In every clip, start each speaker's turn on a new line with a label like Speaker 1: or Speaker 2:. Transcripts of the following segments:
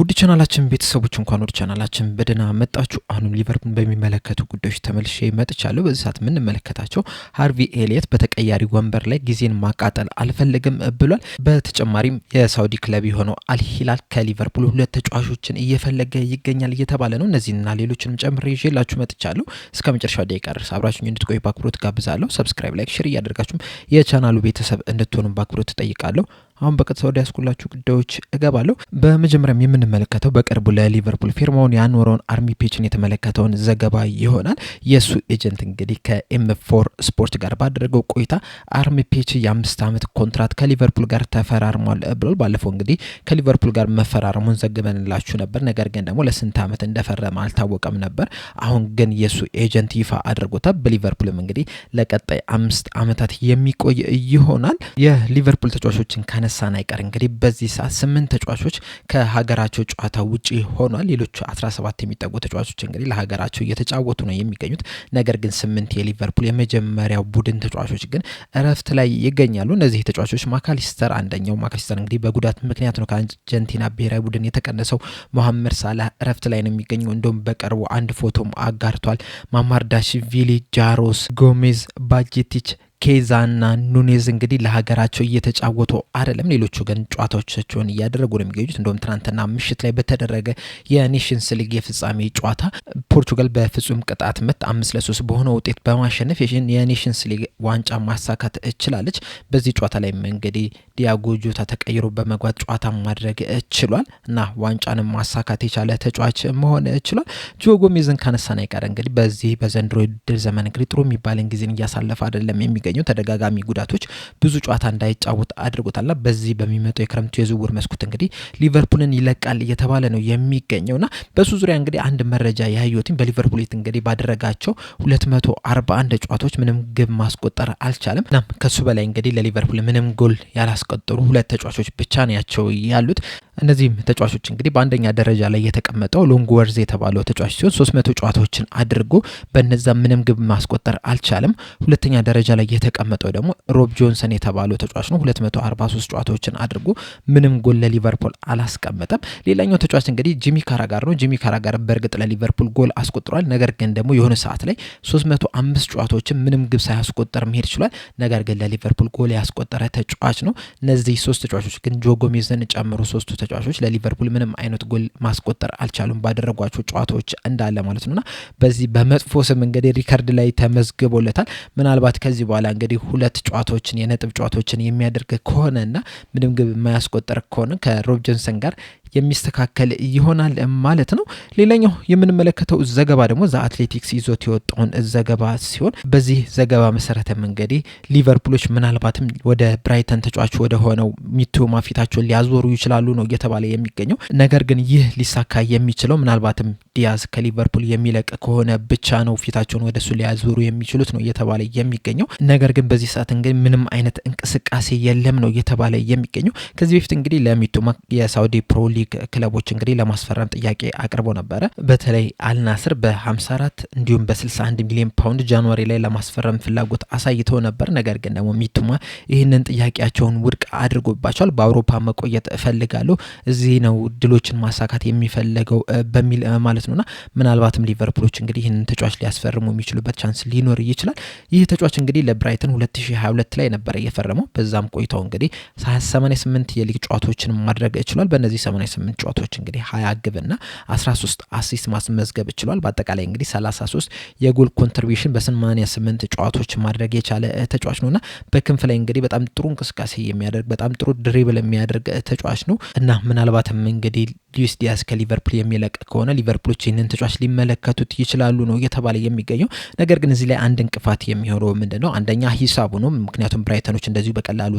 Speaker 1: ውድ ቻናላችን ቤተሰቦች እንኳን ወደ ቻናላችን በደህና መጣችሁ። አሁንም ሊቨርፑል በሚመለከቱ ጉዳዮች ተመልሼ መጥቻለሁ። በዚህ ሰዓት የምንመለከታቸው ሀርቪ ኤሊየት በተቀያሪ ወንበር ላይ ጊዜን ማቃጠል አልፈልግም ብሏል። በተጨማሪም የሳውዲ ክለብ የሆነው አልሂላል ከሊቨርፑል ሁለት ተጫዋቾችን እየፈለገ ይገኛል እየተባለ ነው። እነዚህና ሌሎችንም ጨምሬ ይዤላችሁ መጥቻለሁ። እስከ መጨረሻው ደቂቃ ድረስ አብራችሁ እንድትቆዩ በአክብሮት ጋብዛለሁ። ሰብስክራይብ፣ ላይክ፣ ሼር እያደርጋችሁም የቻናሉ ቤተሰብ እንድትሆኑ በአክብሮት እጠይቃለሁ። አሁን በቀጥታ ወደ ያስኩላችሁ ጉዳዮች እገባለሁ። በመጀመሪያም የምንመለከተው በቅርቡ ለሊቨርፑል ፊርማውን ያኖረውን አርሚ ፔችን የተመለከተውን ዘገባ ይሆናል። የእሱ ኤጀንት እንግዲህ ከኤም ፎር ስፖርት ጋር ባደረገው ቆይታ አርሚ ፔች የአምስት ዓመት ኮንትራት ከሊቨርፑል ጋር ተፈራርሟል ብሏል። ባለፈው እንግዲህ ከሊቨርፑል ጋር መፈራረሙን ዘግበንላችሁ ነበር። ነገር ግን ደግሞ ለስንት ዓመት እንደፈረመ አልታወቀም ነበር። አሁን ግን የእሱ ኤጀንት ይፋ አድርጎታል። በሊቨርፑልም እንግዲህ ለቀጣይ አምስት ዓመታት የሚቆይ ይሆናል። የሊቨርፑል ተጫዋቾችን ካነ ካነሳን አይቀር እንግዲህ በዚህ ሰዓት ስምንት ተጫዋቾች ከሀገራቸው ጨዋታ ውጪ ሆኗል። ሌሎቹ 17 የሚጠጉ ተጫዋቾች እንግዲህ ለሀገራቸው እየተጫወቱ ነው የሚገኙት። ነገር ግን ስምንት የሊቨርፑል የመጀመሪያው ቡድን ተጫዋቾች ግን እረፍት ላይ ይገኛሉ። እነዚህ ተጫዋቾች ማካሊስተር አንደኛው ማካሊስተር እንግዲህ በጉዳት ምክንያት ነው ከአርጀንቲና ብሔራዊ ቡድን የተቀነሰው። መሐመድ ሳላህ እረፍት ላይ ነው የሚገኘው። እንደውም በቅርቡ አንድ ፎቶም አጋርቷል። ማማርዳሽቪሊ፣ ጃሮስ፣ ጎሜዝ፣ ባጄቲች ኬዛና ኑኔዝ እንግዲህ ለሀገራቸው እየተጫወቱ አይደለም። ሌሎቹ ግን ጨዋታዎቻቸውን እያደረጉ ነው የሚገኙት። እንደውም ትናንትና ምሽት ላይ በተደረገ የኔሽንስ ሊግ የፍጻሜ ጨዋታ ፖርቹጋል በፍጹም ቅጣት ምት አምስት ለሶስት በሆነ ውጤት በማሸነፍ የኔሽንስ ሊግ ዋንጫ ማሳካት እችላለች። በዚህ ጨዋታ ላይም እንግዲህ ዲያጎ ጆታ ተቀይሮ በመግባት ጨዋታ ማድረግ ችሏል እና ዋንጫንም ማሳካት የቻለ ተጫዋች መሆን ችሏል። ጆ ጎሜዝን ካነሳን አይቀር እንግዲህ በዚህ በዘንድሮ ውድድር ዘመን እንግዲህ ጥሩ የሚባልን ጊዜን እያሳለፈ አይደለም የሚገ የሚገኘው። ተደጋጋሚ ጉዳቶች ብዙ ጨዋታ እንዳይጫወት አድርጎታልና በዚህ በሚመጣው የክረምቱ የዝውውር መስኮት እንግዲህ ሊቨርፑልን ይለቃል እየተባለ ነው የሚገኘውና በሱ ዙሪያ እንግዲህ አንድ መረጃ ያየሁትኝ በሊቨርፑል እንግዲህ ባደረጋቸው 241 ጨዋታዎች ምንም ግብ ማስቆጠር አልቻለም። እናም ከሱ በላይ እንግዲህ ለሊቨርፑል ምንም ጎል ያላስቆጠሩ ሁለት ተጫዋቾች ብቻ ናቸው ያሉት። እነዚህም ተጫዋቾች እንግዲህ በአንደኛ ደረጃ ላይ የተቀመጠው ሎንግ ወርዝ የተባለው ተጫዋች ሲሆን ሶስት መቶ ጨዋታዎችን አድርጎ በነዛ ምንም ግብ ማስቆጠር አልቻለም። ሁለተኛ ደረጃ ላይ የተቀመጠው ደግሞ ሮብ ጆንሰን የተባለው ተጫዋች ነው። ሁለት መቶ አርባ ሶስት ጨዋታዎችን አድርጎ ምንም ጎል ለሊቨርፑል አላስቀመጠም። ሌላኛው ተጫዋች እንግዲህ ጂሚ ካራጋር ነው። ጂሚ ካራጋር በእርግጥ ለሊቨርፑል ጎል አስቆጥሯል። ነገር ግን ደግሞ የሆነ ሰዓት ላይ ሶስት መቶ አምስት ጨዋታዎችን ምንም ግብ ሳያስቆጠር መሄድ ችሏል። ነገር ግን ለሊቨርፑል ጎል ያስቆጠረ ተጫዋች ነው። እነዚህ ሶስት ተጫዋቾች ግን ጆ ጨምሮ ሶስቱ ተጫዋቾች ለሊቨርፑል ምንም አይነት ጎል ማስቆጠር አልቻሉም ባደረጓቸው ጨዋታዎች እንዳለ ማለት ነውና በዚህ በመጥፎ ስም እንግዲህ ሪከርድ ላይ ተመዝግቦለታል። ምናልባት ከዚህ በኋላ እንግዲህ ሁለት ጨዋታዎችን የነጥብ ጨዋታዎችን የሚያደርግ ከሆነ እና ምንም ግብ የማያስቆጠር ከሆነ ከሮብ ጆንሰን ጋር የሚስተካከል ይሆናል ማለት ነው። ሌላኛው የምንመለከተው ዘገባ ደግሞ ዛ አትሌቲክስ ይዞት የወጣውን ዘገባ ሲሆን በዚህ ዘገባ መሰረተ እንግዲህ ሊቨርፑሎች ምናልባትም ወደ ብራይተን ተጫዋች ወደ ሆነው ሚቱማ ፊታቸውን ሊያዞሩ ይችላሉ ነው እየተባለ የሚገኘው ነገር ግን ይህ ሊሳካ የሚችለው ምናልባትም ዲያዝ ከሊቨርፑል የሚለቅ ከሆነ ብቻ ነው ፊታቸውን ወደሱ ሊያዞሩ የሚችሉት ነው እየተባለ የሚገኘው ነገር ግን በዚህ ሰዓት እንግዲህ ምንም አይነት እንቅስቃሴ የለም ነው እየተባለ የሚገኘው ከዚህ በፊት እንግዲህ ለሚቱማ የሳውዲ ፕሮ ሊግ ሊግ ክለቦች እንግዲህ ለማስፈረም ጥያቄ አቅርቦ ነበረ። በተለይ አልናስር በ54 እንዲሁም በ61 ሚሊዮን ፓውንድ ጃንዋሪ ላይ ለማስፈረም ፍላጎት አሳይተው ነበር። ነገር ግን ደግሞ ሚቱማ ይህንን ጥያቄያቸውን ውድቅ አድርጎባቸዋል። በአውሮፓ መቆየት እፈልጋለሁ፣ እዚህ ነው ድሎችን ማሳካት የሚፈለገው በሚል ማለት ነውና ምናልባትም ሊቨርፑሎች እንግዲህ ይህንን ተጫዋች ሊያስፈርሙ የሚችሉበት ቻንስ ሊኖር ይችላል። ይህ ተጫዋች እንግዲህ ለብራይተን 2022 ላይ ነበረ እየፈረመው በዛም ቆይተው እንግዲህ 88 የሊግ ጨዋታዎችን ማድረግ ችሏል። በእነዚህ ስምንት ጨዋታዎች እንግዲህ ሀያ ግብና አስራ ሶስት አሲስት ማስመዝገብ ችሏል። በአጠቃላይ እንግዲህ ሰላሳ ሶስት የጎል ኮንትሪቢሽን በሰማኒያ ስምንት ጨዋታዎች ማድረግ የቻለ ተጫዋች ነውና በክንፍ ላይ እንግዲህ በጣም ጥሩ እንቅስቃሴ የሚያደርግ በጣም ጥሩ ድሪብል የሚያደርግ ተጫዋች ነው እና ምናልባትም እንግዲህ ሉዊስ ዲያስ ከሊቨርፑል የሚለቅ ከሆነ ሊቨርፑሎች ይህንን ተጫዋች ሊመለከቱት ይችላሉ ነው እየተባለ የሚገኘው። ነገር ግን እዚህ ላይ አንድ እንቅፋት የሚሆነው ምንድን ነው? አንደኛ ሂሳቡ ነው። ምክንያቱም ብራይተኖች እንደዚሁ በቀላሉ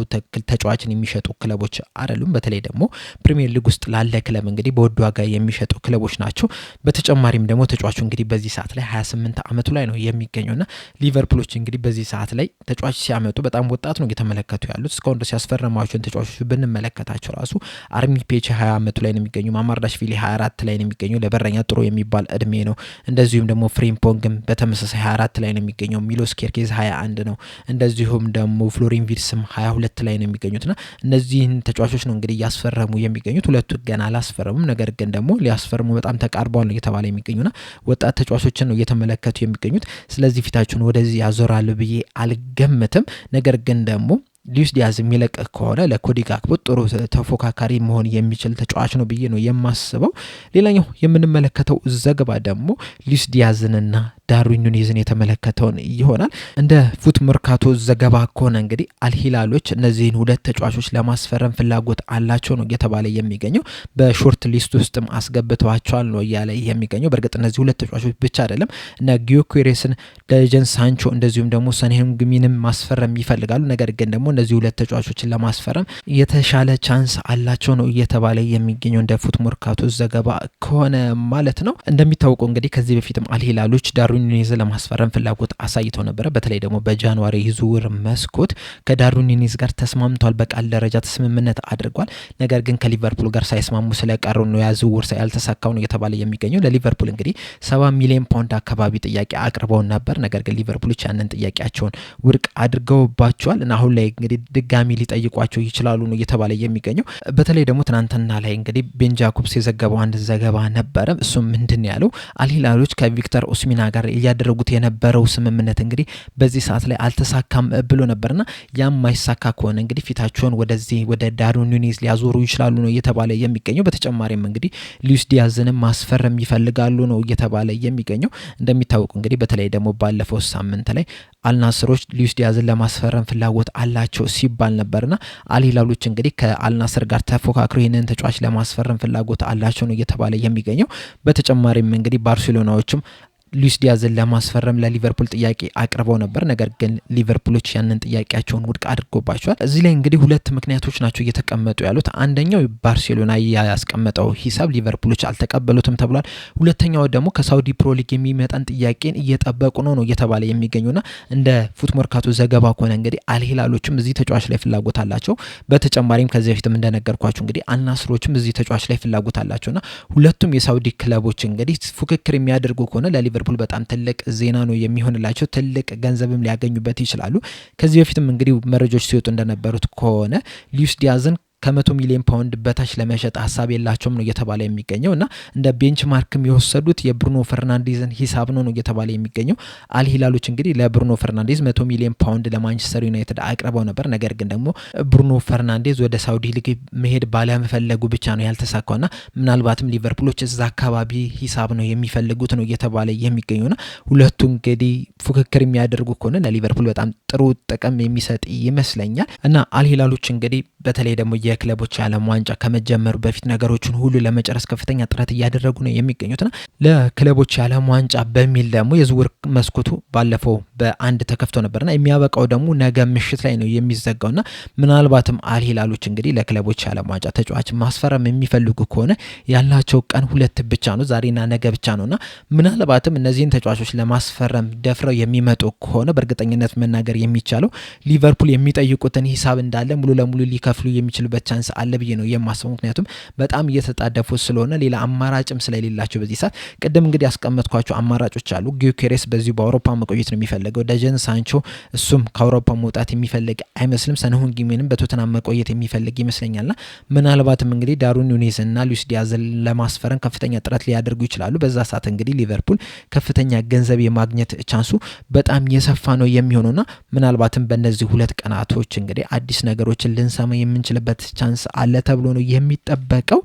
Speaker 1: ተጫዋችን የሚሸጡ ክለቦች አይደሉም። በተለይ ደግሞ ፕሪሚየር ሊግ ውስጥ ላለ ክለብ እንግዲህ በወዱ ዋጋ የሚሸጡ ክለቦች ናቸው። በተጨማሪም ደግሞ ተጫዋቹ እንግዲህ በዚህ ሰዓት ላይ 28 ዓመቱ ላይ ነው የሚገኘው እና ሊቨርፑሎች እንግዲህ በዚህ ሰዓት ላይ ተጫዋች ሲያመጡ በጣም ወጣት ነው እየተመለከቱ ያሉት። እስካሁን ድረስ ያስፈረማቸውን ተጫዋቾች ብንመለከታቸው ራሱ አርሚ ፔች 20 ዓመቱ ላይ ነው የሚገኙ፣ ማማርዳሽቪሊ 24 ላይ ነው የሚገኙ፣ ለበረኛ ጥሩ የሚባል እድሜ ነው። እንደዚሁም ደግሞ ፍሬምፖንግም በተመሳሳይ 24 ላይ ነው የሚገኘው። ሚሎስ ኬርኬዝ 21 ነው። እንደዚሁም ደግሞ ፍሎሪንቪድስም 22 ላይ ነው የሚገኙትና እነዚህን ተጫዋቾች ነው እንግዲህ እያስፈረሙ የሚገኙት ሁለቱ ገና አላስፈረሙም። ነገር ግን ደግሞ ሊያስፈርሙ በጣም ተቃርበዋል እየተባለ የሚገኙና ወጣት ተጫዋቾችን ነው እየተመለከቱ የሚገኙት። ስለዚህ ፊታችሁን ወደዚህ ያዞራሉ ብዬ አልገምትም። ነገር ግን ደግሞ ሊዩስ ዲያዝ የሚለቅ ከሆነ ለኮዲ ጋክፖ ጥሩ ተፎካካሪ መሆን የሚችል ተጫዋች ነው ብዬ ነው የማስበው። ሌላኛው የምንመለከተው ዘገባ ደግሞ ሊዩስ ዲያዝንና ዳርዊን ኑኔዝን የተመለከተውን ይሆናል። እንደ ፉት መርካቶ ዘገባ ከሆነ እንግዲህ አልሂላሎች እነዚህን ሁለት ተጫዋቾች ለማስፈረም ፍላጎት አላቸው ነው እየተባለ የሚገኘው በሾርት ሊስት ውስጥም አስገብተዋቸዋል ነው እያለ የሚገኘው። በእርግጥ እነዚህ ሁለት ተጫዋቾች ብቻ አይደለም እነ ጊዮኩሬስን፣ ደጀን ሳንቾ እንደዚሁም ደግሞ ሰኔም ግሚንም ማስፈረም ይፈልጋሉ። ነገር ግን ደግሞ እነዚህ ሁለት ተጫዋቾችን ለማስፈረም የተሻለ ቻንስ አላቸው ነው እየተባለ የሚገኘው እንደ ፉት መርካቶ ዘገባ ከሆነ ማለት ነው። እንደሚታወቀው እንግዲህ ከዚህ በፊትም አልሂላሎች ዳርዊን ዳርዊን ኑኔዝ ለማስፈረም ፍላጎት አሳይተው ነበረ። በተለይ ደግሞ በጃንዋሪ የዝውውር መስኮት ከዳርዊን ኑኔዝ ጋር ተስማምተዋል፣ በቃል ደረጃ ስምምነት አድርጓል። ነገር ግን ከሊቨርፑል ጋር ሳይስማሙ ስለቀሩ ነው ያ ዝውውር ያልተሳካው ነው እየተባለ የሚገኘው። ለሊቨርፑል እንግዲህ ሰባ ሚሊዮን ፓውንድ አካባቢ ጥያቄ አቅርበው ነበር። ነገር ግን ሊቨርፑሎች ያንን ጥያቄያቸውን ውድቅ አድርገውባቸዋል እና አሁን ላይ እንግዲህ ድጋሚ ሊጠይቋቸው ይችላሉ ነው እየተባለ የሚገኘው። በተለይ ደግሞ ትናንትና ላይ እንግዲህ ቤን ጃኮብስ የዘገበው አንድ ዘገባ ነበረ። እሱም ምንድን ያለው አልሂላሎች ከቪክተር ኦስሚና ጋር እያደረጉት የነበረው ስምምነት እንግዲህ በዚህ ሰዓት ላይ አልተሳካም ብሎ ነበርና ያም ማይሳካ ከሆነ እንግዲህ ፊታቸውን ወደዚህ ወደ ዳርዊን ኑኔዝ ሊያዞሩ ይችላሉ ነው እየተባለ የሚገኘው። በተጨማሪም እንግዲህ ሉዊስ ዲያዝንም ማስፈረም ይፈልጋሉ ነው እየተባለ የሚገኘው። እንደሚታወቁ እንግዲህ በተለይ ደግሞ ባለፈው ሳምንት ላይ አልናስሮች ሉዊስ ዲያዝን ለማስፈረም ፍላጎት አላቸው ሲባል ነበርና አልሂላሎች እንግዲህ ከአልናስር ጋር ተፎካክሮ ይህንን ተጫዋች ለማስፈረም ፍላጎት አላቸው ነው እየተባለ የሚገኘው። በተጨማሪም እንግዲህ ባርሴሎናዎችም ሉዊስ ዲያዝን ለማስፈረም ለሊቨርፑል ጥያቄ አቅርበው ነበር። ነገር ግን ሊቨርፑሎች ያንን ጥያቄያቸውን ውድቅ አድርጎባቸዋል። እዚህ ላይ እንግዲህ ሁለት ምክንያቶች ናቸው እየተቀመጡ ያሉት። አንደኛው ባርሴሎና ያስቀመጠው ሂሳብ ሊቨርፑሎች አልተቀበሉትም ተብሏል። ሁለተኛው ደግሞ ከሳውዲ ፕሮሊግ የሚመጣን ጥያቄን እየጠበቁ ነው ነው እየተባለ የሚገኙና እንደ ፉትሞርካቱ ዘገባ ከሆነ እንግዲህ አልሂላሎችም እዚህ ተጫዋች ላይ ፍላጎት አላቸው። በተጨማሪም ከዚህ በፊትም እንደነገርኳቸው እንግዲህ አልናስሮችም እዚህ ተጫዋች ላይ ፍላጎት አላቸውና ሁለቱም የሳውዲ ክለቦች እንግዲህ ፉክክር የሚያደርጉ ከሆነ ለሊቨር ሊቨርፑል በጣም ትልቅ ዜና ነው የሚሆንላቸው። ትልቅ ገንዘብም ሊያገኙበት ይችላሉ። ከዚህ በፊትም እንግዲህ መረጃዎች ሲወጡ እንደነበሩት ከሆነ ሊዩስ ዲያዝን ከመቶ ሚሊዮን ፓውንድ በታች ለመሸጥ ሀሳብ የላቸውም ነው እየተባለ የሚገኘው እና እንደ ቤንችማርክም የወሰዱት የብሩኖ ፈርናንዴዝን ሂሳብ ነው ነው እየተባለ የሚገኘው። አልሂላሎች እንግዲህ ለብሩኖ ፈርናንዴዝ መቶ ሚሊዮን ፓውንድ ለማንቸስተር ዩናይትድ አቅርበው ነበር። ነገር ግን ደግሞ ብሩኖ ፈርናንዴዝ ወደ ሳውዲ ሊግ መሄድ ባለመፈለጉ ብቻ ነው ያልተሳካው ና ምናልባትም ሊቨርፑሎች እዛ አካባቢ ሂሳብ ነው የሚፈልጉት ነው እየተባለ የሚገኙ ና ሁለቱ እንግዲህ ፉክክር የሚያደርጉ ከሆነ ለሊቨርፑል በጣም ጥሩ ጥቅም የሚሰጥ ይመስለኛል እና አልሂላሎች እንግዲህ በተለይ ደግሞ የክለቦች የዓለም ዋንጫ ከመጀመሩ በፊት ነገሮችን ሁሉ ለመጨረስ ከፍተኛ ጥረት እያደረጉ ነው የሚገኙትና ለክለቦች የዓለም ዋንጫ በሚል ደግሞ የዝውውር መስኮቱ ባለፈው በአንድ ተከፍቶ ነበርና የሚያበቃው ደግሞ ነገ ምሽት ላይ ነው የሚዘጋውና ምናልባትም አልሂላሎች እንግዲህ ለክለቦች ዓለም ዋንጫ ተጫዋች ማስፈረም የሚፈልጉ ከሆነ ያላቸው ቀን ሁለት ብቻ ነው፣ ዛሬና ነገ ብቻ ነውና ምናልባትም እነዚህን ተጫዋቾች ለማስፈረም ደፍረው የሚመጡ ከሆነ በእርግጠኝነት መናገር የሚቻለው ሊቨርፑል የሚጠይቁትን ሂሳብ እንዳለ ሙሉ ለሙሉ ሊከፍሉ የሚችሉበት ቻንስ አለ ብዬ ነው የማስበው። ምክንያቱም በጣም እየተጣደፉ ስለሆነ ሌላ አማራጭም ስለሌላቸው በዚህ ሰዓት ቅድም እንግዲህ ያስቀመጥኳቸው አማራጮች አሉ። ጊዮኬሬስ በዚሁ በአውሮፓ መቆየት ነው የሚፈልገው የሚፈልገው ደጀን ሳንቾ እሱም ከአውሮፓ መውጣት የሚፈልግ አይመስልም። ሰነሁን ጊሜንም በቶተናም መቆየት የሚፈልግ ና ምናልባትም እንግዲህ ዳሩን ኑኔዝ ና ሉዊስ ዲያዝን ለማስፈረም ከፍተኛ ጥረት ሊያደርጉ ይችላሉ። በዛ ሰዓት እንግዲህ ሊቨርፑል ከፍተኛ ገንዘብ የማግኘት ቻንሱ በጣም የሰፋ ነው ና ምናልባትም በእነዚህ ሁለት ቀናቶች እንግዲህ አዲስ ነገሮችን ልንሰማ የምንችልበት ቻንስ አለ ተብሎ ነው የሚጠበቀው።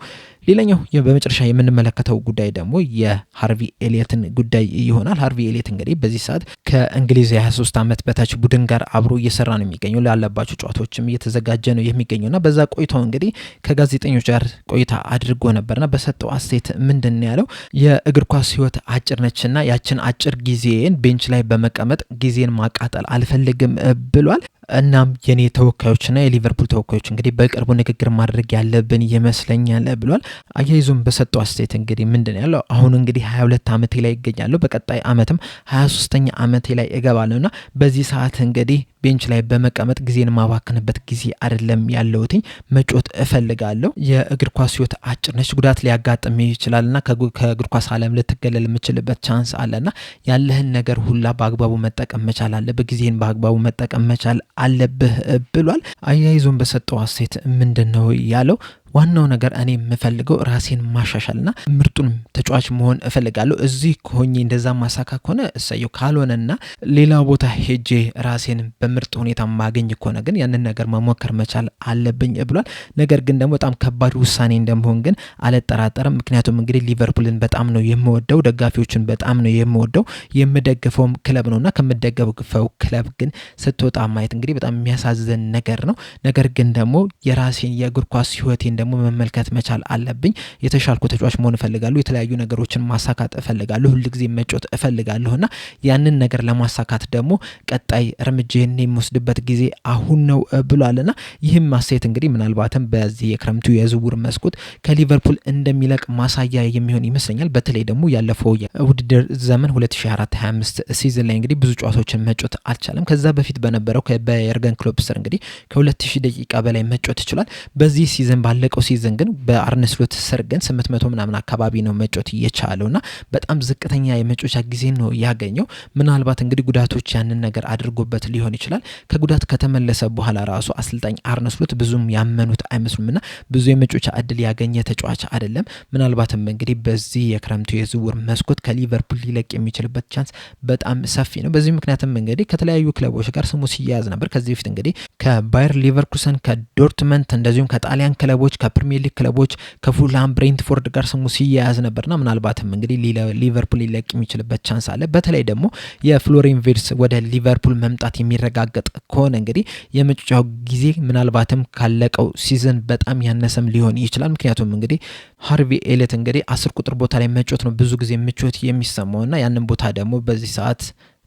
Speaker 1: ሌላኛው በመጨረሻ የምንመለከተው ጉዳይ ደግሞ የሃርቪ ኤሊየትን ጉዳይ ይሆናል። ሃርቪ ኤሊየት እንግዲህ በዚህ ሰዓት ከእንግሊዝ የ23 ዓመት በታች ቡድን ጋር አብሮ እየሰራ ነው የሚገኘው። ላለባቸው ጨዋታዎችም እየተዘጋጀ ነው የሚገኘውና በዛ ቆይታው እንግዲህ ከጋዜጠኞች ጋር ቆይታ አድርጎ ነበርና በሰጠው አስተያየት ምንድን ያለው የእግር ኳስ ህይወት አጭር ና ያችን አጭር ጊዜን ቤንች ላይ በመቀመጥ ጊዜን ማቃጠል አልፈልግም ብሏል። እናም የኔ ተወካዮችና የሊቨርፑል ተወካዮች እንግዲህ በቅርቡ ንግግር ማድረግ ያለብን ይመስለኛል ብሏል። አያይዞም በሰጠው አስተያየት እንግዲህ ምንድን ያለው አሁን እንግዲህ ሀያ ሁለት ዓመቴ ላይ ይገኛለሁ በቀጣይ ዓመትም ሀያ ሶስተኛ ዓመቴ ላይ እገባለሁ እና በዚህ ሰዓት እንግዲህ ቤንች ላይ በመቀመጥ ጊዜን ማባክንበት ጊዜ አይደለም ያለውትኝ መጮት እፈልጋለሁ። የእግር ኳስ ህይወት አጭር ነች፣ ጉዳት ሊያጋጥም ይችላልና ከእግር ኳስ ዓለም ልትገለል የምችልበት ቻንስ አለና ያለህን ነገር ሁላ በአግባቡ መጠቀም መቻል አለብህ። ጊዜን በአግባቡ መጠቀም መቻል አለብህ ብሏል። አያይዞን በሰጠው አስተያየት ምንድን ነው ያለው? ዋናው ነገር እኔ የምፈልገው ራሴን ማሻሻልና ምርጡን ተጫዋች መሆን እፈልጋለሁ። እዚህ ከሆኜ እንደዛ ማሳካ ከሆነ እሰየው፣ ካልሆነና ሌላ ቦታ ሄጄ ራሴን በምርጥ ሁኔታ ማገኝ ከሆነ ግን ያንን ነገር መሞከር መቻል አለብኝ ብሏል። ነገር ግን ደግሞ በጣም ከባድ ውሳኔ እንደመሆን ግን አልጠራጠርም። ምክንያቱም እንግዲህ ሊቨርፑልን በጣም ነው የምወደው፣ ደጋፊዎቹን በጣም ነው የምወደው፣ የምደግፈውም ክለብ ነውና ከምደገፈው ክለብ ግን ስትወጣ ማየት እንግዲህ በጣም የሚያሳዝን ነገር ነው። ነገር ግን ደግሞ የራሴን የእግር ኳስ ህይወቴን ደግሞ መመልከት መቻል አለብኝ። የተሻልኩ ተጫዋች መሆን እፈልጋለሁ። የተለያዩ ነገሮችን ማሳካት እፈልጋለሁ። ሁልጊዜ መጮት እፈልጋለሁ እና ያንን ነገር ለማሳካት ደግሞ ቀጣይ እርምጃን የሚወስድበት ጊዜ አሁን ነው ብሏል ና ይህም አስተያየት እንግዲህ ምናልባትም በዚህ የክረምቱ የዝውውር መስኮት ከሊቨርፑል እንደሚለቅ ማሳያ የሚሆን ይመስለኛል። በተለይ ደግሞ ያለፈው የውድድር ዘመን 2024/25 ሲዝን ላይ እንግዲህ ብዙ ጨዋታዎችን መጮት አልቻለም። ከዛ በፊት በነበረው በየርገን ክሎፕ ስር እንግዲህ ከ2000 ደቂቃ በላይ መጮት ይችሏል። በዚህ ሲዝን ባለ ባለቀው ሲዝን ግን በአርነስሎት ስር ግን ስምንት መቶ ምናምን አካባቢ ነው መጮት እየቻለው ና በጣም ዝቅተኛ የመጮቻ ጊዜ ነው ያገኘው። ምናልባት እንግዲህ ጉዳቶች ያንን ነገር አድርጎበት ሊሆን ይችላል። ከጉዳት ከተመለሰ በኋላ ራሱ አሰልጣኝ አርነስሎት ብዙም ያመኑት አይመስሉም ና ብዙ የመጮቻ እድል ያገኘ ተጫዋች አይደለም። ምናልባትም እንግዲህ በዚህ የክረምቱ የዝውውር መስኮት ከሊቨርፑል ሊለቅ የሚችልበት ቻንስ በጣም ሰፊ ነው። በዚህ ምክንያትም እንግዲህ ከተለያዩ ክለቦች ጋር ስሙ ሲያያዝ ነበር። ከዚህ በፊት እንግዲህ ከባየር ሊቨርኩሰን፣ ከዶርትመንት እንደዚሁም ከጣሊያን ክለቦች ከፕሪሚየር ሊግ ክለቦች ከፉላም ብሬንትፎርድ ጋር ስሙ ሲያያዝ ነበርና ምናልባትም እንግዲህ ሊቨርፑል ሊለቅ የሚችልበት ቻንስ አለ። በተለይ ደግሞ የፍሎሪን ቪርትዝ ወደ ሊቨርፑል መምጣት የሚረጋገጥ ከሆነ እንግዲህ የመጫወቻው ጊዜ ምናልባትም ካለቀው ሲዝን በጣም ያነሰም ሊሆን ይችላል። ምክንያቱም እንግዲህ ሃርቪ ኤሌት እንግዲህ አስር ቁጥር ቦታ ላይ መጮት ነው ብዙ ጊዜ ምቾት የሚሰማውና ያንን ቦታ ደግሞ በዚህ ሰዓት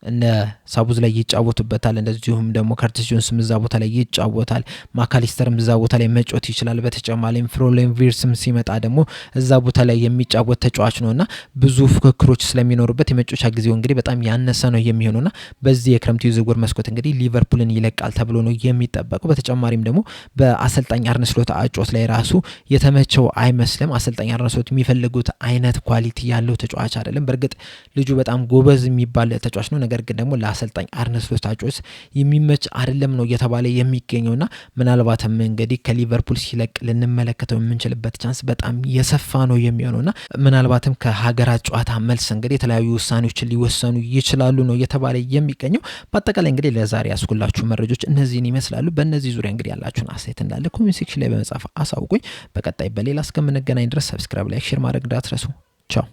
Speaker 1: እነ ሳቡዝ ላይ ይጫወቱበታል። እንደዚሁም ደግሞ ከርቲስ ጆንስም እዛ ቦታ ላይ ይጫወታል። ማካሊስተርም እዛ ቦታ ላይ መጮት ይችላል። በተጨማሪም ፍሮሌን ቪርስም ሲመጣ ደግሞ እዛ ቦታ ላይ የሚጫወት ተጫዋች ነው እና ብዙ ፍክክሮች ስለሚኖሩበት የመጮቻ ጊዜው እንግዲህ በጣም ያነሰ ነው የሚሆነው እና በዚህ የክረምቱ የዝውውር መስኮት እንግዲህ ሊቨርፑልን ይለቃል ተብሎ ነው የሚጠበቀው። በተጨማሪም ደግሞ በአሰልጣኝ አርነ ስሎት አጮት ላይ ራሱ የተመቸው አይመስልም። አሰልጣኝ አርነ ስሎት የሚፈልጉት አይነት ኳሊቲ ያለው ተጫዋች አይደለም። በእርግጥ ልጁ በጣም ጎበዝ የሚባል ተጫዋች ነው ነገር ግን ደግሞ ለአሰልጣኝ አርነ ስሎት የሚመች አይደለም ነው እየተባለ የሚገኘውና ምናልባትም እንግዲህ ከሊቨርፑል ሲለቅ ልንመለከተው የምንችልበት ቻንስ በጣም የሰፋ ነው የሚሆነውና ምናልባትም ከሀገራት ጨዋታ መልስ እንግዲህ የተለያዩ ውሳኔዎችን ሊወሰኑ ይችላሉ ነው እየተባለ የሚገኘው። በአጠቃላይ እንግዲህ ለዛሬ ያስኩላችሁ መረጃዎች እነዚህን ይመስላሉ። በእነዚህ ዙሪያ እንግዲህ ያላችሁን አስተያየት እንዳለ ኮሜንት ሴክሽን ላይ በመጻፍ አሳውቁኝ። በቀጣይ በሌላ እስከምንገናኝ ድረስ ሰብስክራይብ፣ ላይክ፣ ሼር ማድረግ እንዳትረሱ። ቻው